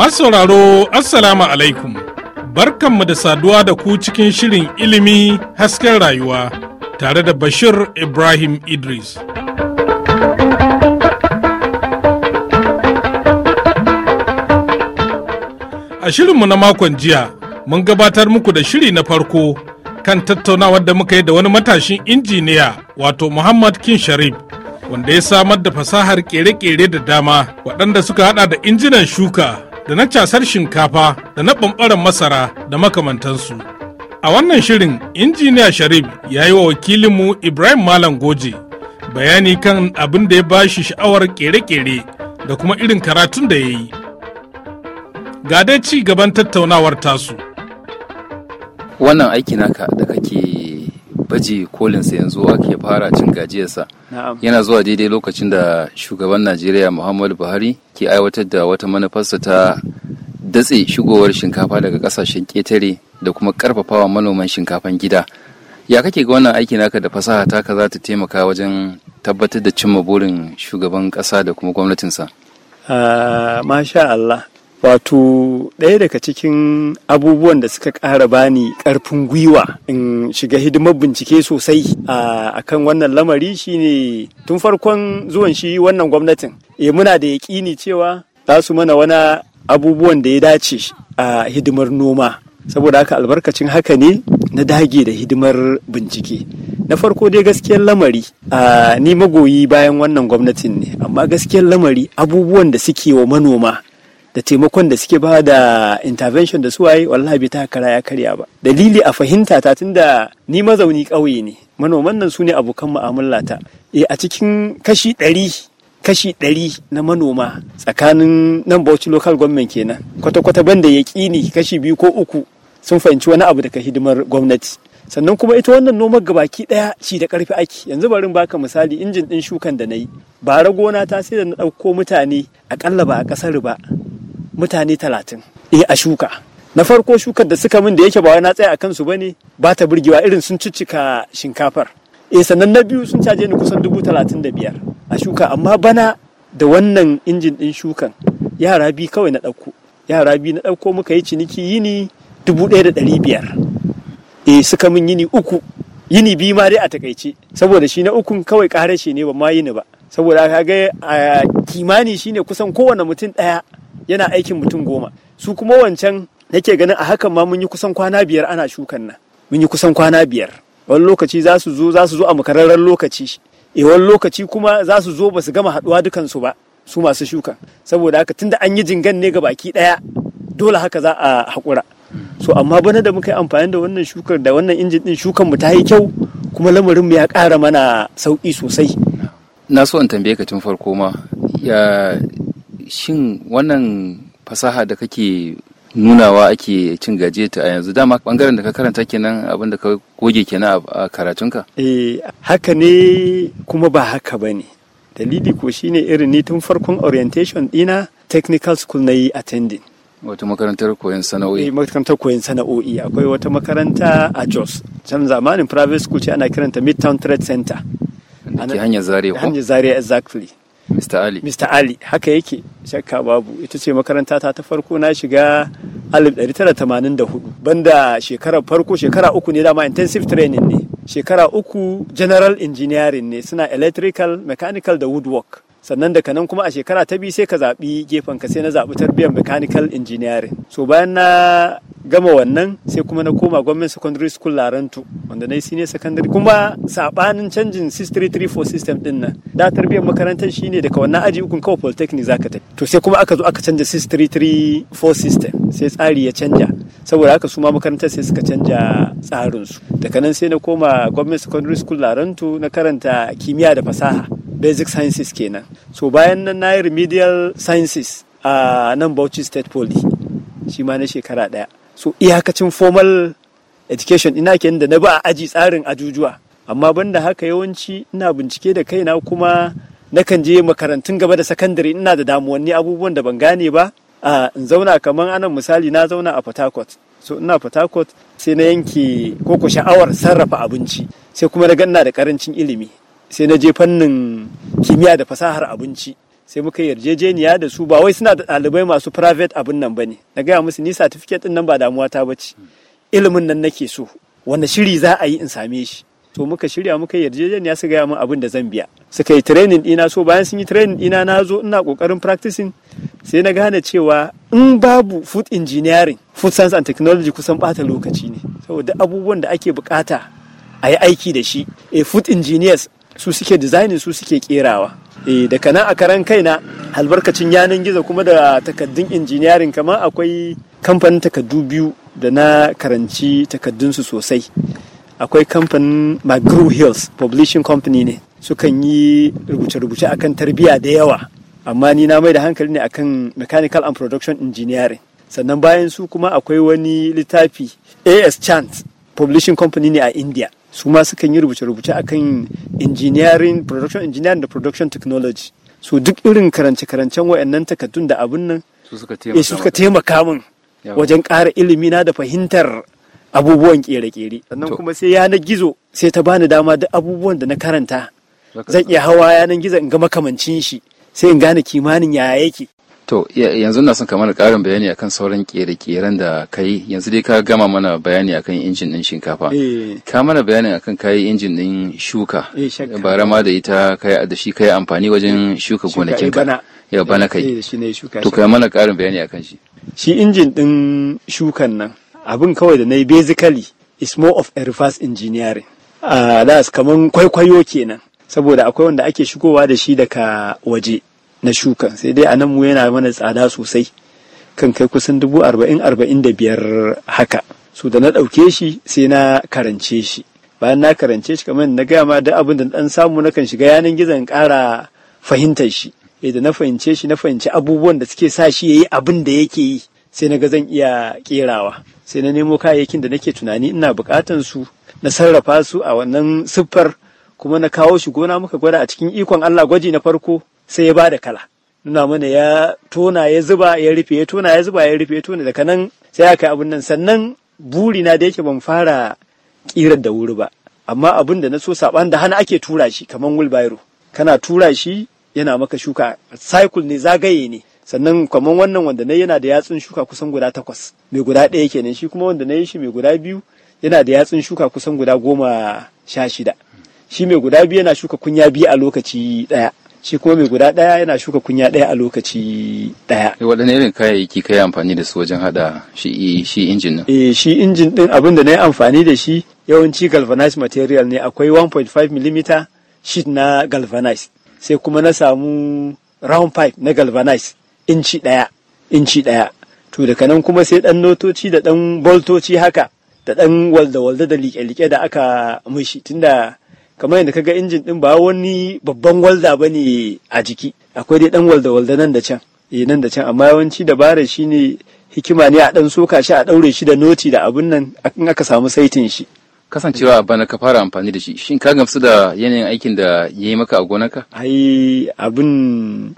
Masu sauraro Assalamu alaikum. Barkanmu da saduwa da ku cikin shirin ilimi hasken rayuwa tare da Bashir Ibrahim Idris. A shirinmu na makon jiya mun gabatar muku da shiri na farko kan tattaunawar da muka yi da wani matashin injiniya wato Muhammad Kin Sharif wanda ya samar da fasahar kere-kere da dama waɗanda suka haɗa da injinan shuka da na casar shinkafa da na ɓamɓaran masara da makamantansu. A wannan shirin injiniya Sharif ya yi wa wakilinmu Ibrahim Malam Goje bayani kan abin da ya ba shi sha'awar ƙere-ƙere da kuma irin karatun da ya yi. Ga dai ci gaban tattaunawar tasu. Wannan aiki naka da kake baje kolinsa yanzu ake fara cin gajiyarsa yana zuwa daidai lokacin da shugaban najeriya muhammadu buhari ke aiwatar da wata manufarsa ta datse shigowar shinkafa daga kasashen ketare da kuma karfafawa manoman shinkafan gida ya kake ga wannan aiki naka da fasaha taka za ta taimaka wajen tabbatar da cimma burin shugaban ƙasa da kuma gwamnatinsa ah, masha Allah wato ɗaya daga cikin abubuwan da suka ƙara bani ƙarfin gwiwa in shiga hidimar bincike sosai a kan wannan lamari shine tun farkon zuwan shi wannan gwamnatin e muna da yaƙini cewa za su mana wani abubuwan da ya dace a hidimar noma saboda haka albarkacin haka ne na dage da hidimar bincike na farko dai gaskiyar lamari a ni magoyi bayan wannan gwamnatin ne amma gaskiyar lamari abubuwan da suke wa manoma da taimakon da suke ba da intervention da suwaye wallahi bai ta kara ya karya ba dalili a fahimta ta tunda ni mazauni ƙauye ne manoman nan su ne abokan mu'amala ta e eh, a cikin kashi ɗari kashi ɗari na manoma tsakanin nan bauchi local government kenan kwata-kwata banda ya ni kashi biyu ko uku sun fahimci wani abu daga hidimar gwamnati sannan kuma ita wannan nomar gabaki ɗaya ci da ƙarfi ake yanzu bari in baka misali injin ɗin shukan da na yi ra gona ta sai da na ɗauko mutane aƙalla ba a ƙasar ba mutane talatin eh a shuka na farko shukar da suka min da yake ba na tsaya a kansu ba ne. ba ta burgewa irin sun ciccika shinkafar eh sannan na biyu sun caje ni kusan dubu talatin da biyar a shuka amma bana da wannan injin ɗin shukan yara bi kawai na ɗauko yara bi na ɗauko muka yi ciniki yini dubu ɗaya da ɗari biyar eh suka min yini uku yini biyu ma dai a takaice saboda shi na ukun kawai ƙarashe ne ba ma yini ba saboda ka ga a kimani shine kusan kowane mutum ɗaya yana aikin mutum goma su kuma wancan nake ganin a hakan ma mun yi kusan kwana biyar ana shukan nan mun yi kusan kwana biyar wani lokaci za su zo za su zo a makararren lokaci e wani lokaci kuma za su zo ba su gama haɗuwa dukansu ba su masu shuka saboda haka tunda an yi jingan ne ga baki daya dole haka za a hakura so amma bana da muka yi amfani da wannan shukar da wannan injin din shukan mu ta yi kyau kuma lamarin mu ya kara mana sauki sosai na so in tambaye ka tun farko ma shin wannan fasaha da kake nunawa ake cin gaje ta a yanzu dama bangaren da ka karanta kenan abin da ka goge kenan a karatunka? Eh haka ne kuma ba haka ba ne. Dalili ko shine irin tun farkon orientation dina technical school na yi attending. Wata makarantar koyon sana'o'i? Eh makarantar koyon sana'o'i akwai wata makaranta a Jos. Can zamanin private school ce ana kiranta Midtown Trade Center. Da ke hanyar zarewa. Hanyar zarewa exactly. Mr. Ali. Mr. Ali haka yake shakka babu ita ce makaranta ta ta farko na shiga 1984 banda shekarar farko shekara uku ne dama intensive training ne shekara uku general engineering ne suna electrical mechanical da woodwork sannan daga nan kuma a shekara ta biyu sai ka zaɓi gefen ka sai na zaɓi tarbiyyar mechanical engineering so bayan na gama wannan sai kuma na koma gwamnati secondary school larantu wanda na yi senior secondary kuma sabanin canjin 6334 system din nan da tarbiyyar makarantar shine daga wannan aji ukun kawai polytechnic zaka tafi to sai kuma aka zo aka canja 6334 system sai tsari ya canja saboda haka suma makarantar sai suka canja tsarin su daga nan sai na koma gwamnati secondary school larantu na karanta kimiyya da fasaha basic sciences kenan so bayan nan na yi remedial sciences a nan Bauchi State Poly shi ma na shekara ɗaya so iyakacin formal education ina kenan da na ba a aji tsarin ajujuwa amma banda haka yawanci ina bincike da kaina kuma nakan je makarantun gaba da sakandare ina da damuwanni abubuwan da ban gane ba a in zauna kamar anan misali na zauna a fatakot so ina fatakot sai na yanke koko sha'awar sarrafa abinci sai kuma na ganna da karancin ilimi sai na je fannin kimiyya da fasahar abinci sai muka yarjejeniya da su ba wai suna da ɗalibai masu private abin nan ba ne na gaya musu ni certificate ɗin nan ba damuwa ta bace ilimin nan nake so wanda shiri za a yi in same shi to muka shirya muka yarjejeniya su gaya min abin da zan biya suka yi training ɗina so bayan sun yi training ɗina na zo ina kokarin practicing sai na gane cewa in babu food engineering food science and technology kusan bata lokaci ne saboda abubuwan da ake bukata a yi aiki da shi a eh, food engineers su suke designing su suke kerawa. eh daga nan a karan kaina albarkacin yanan gizo kuma da takaddun injiniyarin kama akwai kamfanin takaddu biyu da na karanci takaddunsu sosai akwai kamfanin mcgraw hills publishing company ne sukan yi rubuce-rubuce akan tarbiyya da yawa amma ni na mai da hankali ne akan mechanical and production engineering sannan bayan su kuma akwai wani littafi as chant publishing company ne a india su ma sukan yi rubuce-rubuce akan engineering production engineering da production technology su duk irin karance-karancen wayannan takaddun da abin nan su suka taimaka eh, min wajen ƙara ilimi na da fahimtar abubuwan kere-kere sannan kuma sai yanar gizo sai ta bani dama da abubuwan da na karanta zan iya hawa yanar gizo in ga makamancin shi sai in gane kimanin yaya yake To yanzu na son kamar ƙarin bayani akan sauran ƙere-ƙeren da ka yi yanzu dai ka gama mana bayani akan injin ɗin shinkafa. Eh. Ka mana bayani akan ka yi injin ɗin shuka. Eh, Bara ma da ita yi da shi yi amfani wajen shuka gonakin eh, ka. Ya bana kai. To kai mana ƙarin bayani akan shi. Shi injin ɗin shukan nan abin kawai da na yi basically is more of a reverse engineering. Uh, that's kaman kwaikwayo kenan saboda akwai wanda ake shigowa da shi daga waje. na shuka sai dai a nan mu yana mana tsada sosai kan kai kusan dubu arba'in arba'in da biyar haka su da na ɗauke shi sai na karance shi bayan na karance shi kamar na gaya ma da abin da ɗan samu na kan shiga yanan gizon ƙara fahimtar shi eh, da na fahimce shi na fahimci abubuwan da suke sa shi ya yi abin da yake yi sai na ga zan iya ƙerawa sai na nemo kayayyakin da nake tunani ina bukatan su na sarrafa su a wannan siffar kuma na kawo shi gona muka gwada a cikin ikon Allah gwaji na farko sai ya ba da kala nuna mana ya tona ya zuba ya rufe ya tona ya zuba ya rufe ya tona daga nan sai aka abin nan sannan buri na da yake ban fara kirar da wuri ba amma abun da na so saban da hana ake tura shi kamar wilbairo kana tura shi yana maka shuka cycle ne zagaye ne sannan kamar wannan wanda na yana da yatsun shuka kusan guda takwas mai guda ɗaya kenan shi kuma wanda na yi shi mai guda biyu yana da yatsun shuka kusan guda goma sha shida shi mai guda biyu yana shuka kunya biyu a lokaci ɗaya shi kuma mai guda ɗaya yana shuka kunya ɗaya a lokaci ɗaya. Eh, waɗanne irin kayayyaki ka yi amfani da su wajen haɗa shi shi injin nan? eh shi injin ɗin abin da na yi amfani da shi yawanci galvanized material ne akwai 1.5 mm sheet na galvanized sai kuma na samu round pipe na galvanized inci ɗaya inci ɗaya to daga nan kuma sai ɗan notoci da ɗan boltoci haka da ɗan walda-walda da like-like da aka mushi tunda kamar yadda kaga injin din ba wani babban walda ba ne a jiki akwai dai dan walda walda nan da can eh nan da can amma yawanci dabara ne hikima ne a dan soka shi a daure shi da noti da abun nan in aka samu saitin shi kasancewa bana ka fara amfani da shi shin ka gamsu da yanayin aikin da ya yi maka a gonaka. ai abin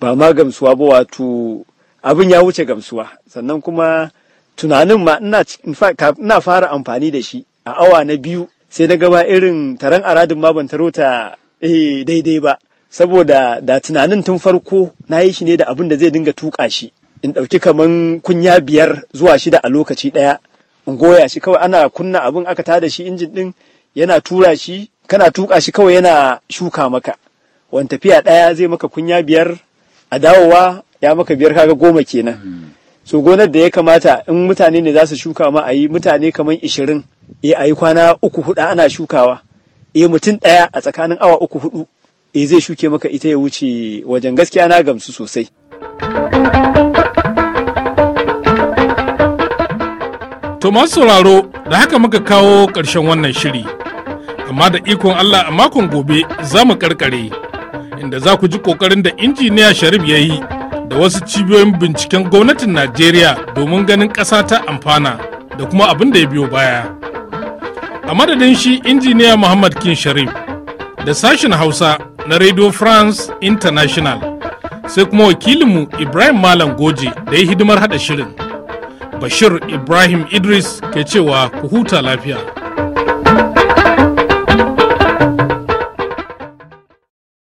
ba ma gamsuwa ba wato abin ya wuce gamsuwa sannan kuma tunanin ma ina fara amfani da shi a awa na biyu sai na gaba irin taron aradin ma ban taro ta eh, daidai ba saboda da tunanin tun farko na yi shi ne da abin da zai dinga tuka shi in ɗauki kaman kunya biyar zuwa shida a lokaci ɗaya in goya shi kawai ana kunna abin aka tada shi injin ɗin yana tura shi kana tuka shi kawai yana shuka maka wani tafiya ɗaya zai maka kunya biyar a dawowa ya maka biyar kaga goma kenan hmm. so gonar da ya kamata in mutane ne za su shuka ma a yi mutane kaman ishirin eh a yi kwana uku hudu ana shukawa e mutum ɗaya a tsakanin awa uku hudu e eh, zai shuke maka ita ya wuce wajen gaskiya na gamsu sosai To masu sauraro da haka muka kawo ƙarshen wannan shiri, amma da ikon Allah a makon gobe za mu karkare, inda za ku ji ƙoƙarin da injiniya Sharif ya yi da wasu cibiyoyin binciken gwamnatin Najeriya domin ganin ƙasa ta amfana da kuma abin da ya biyo baya. a madadin shi injiniya muhammad kin sharif da sashen hausa na radio france international sai kuma wakilinmu ibrahim malam goje da ya hidimar hada shirin bashir ibrahim idris ke cewa ku huta lafiya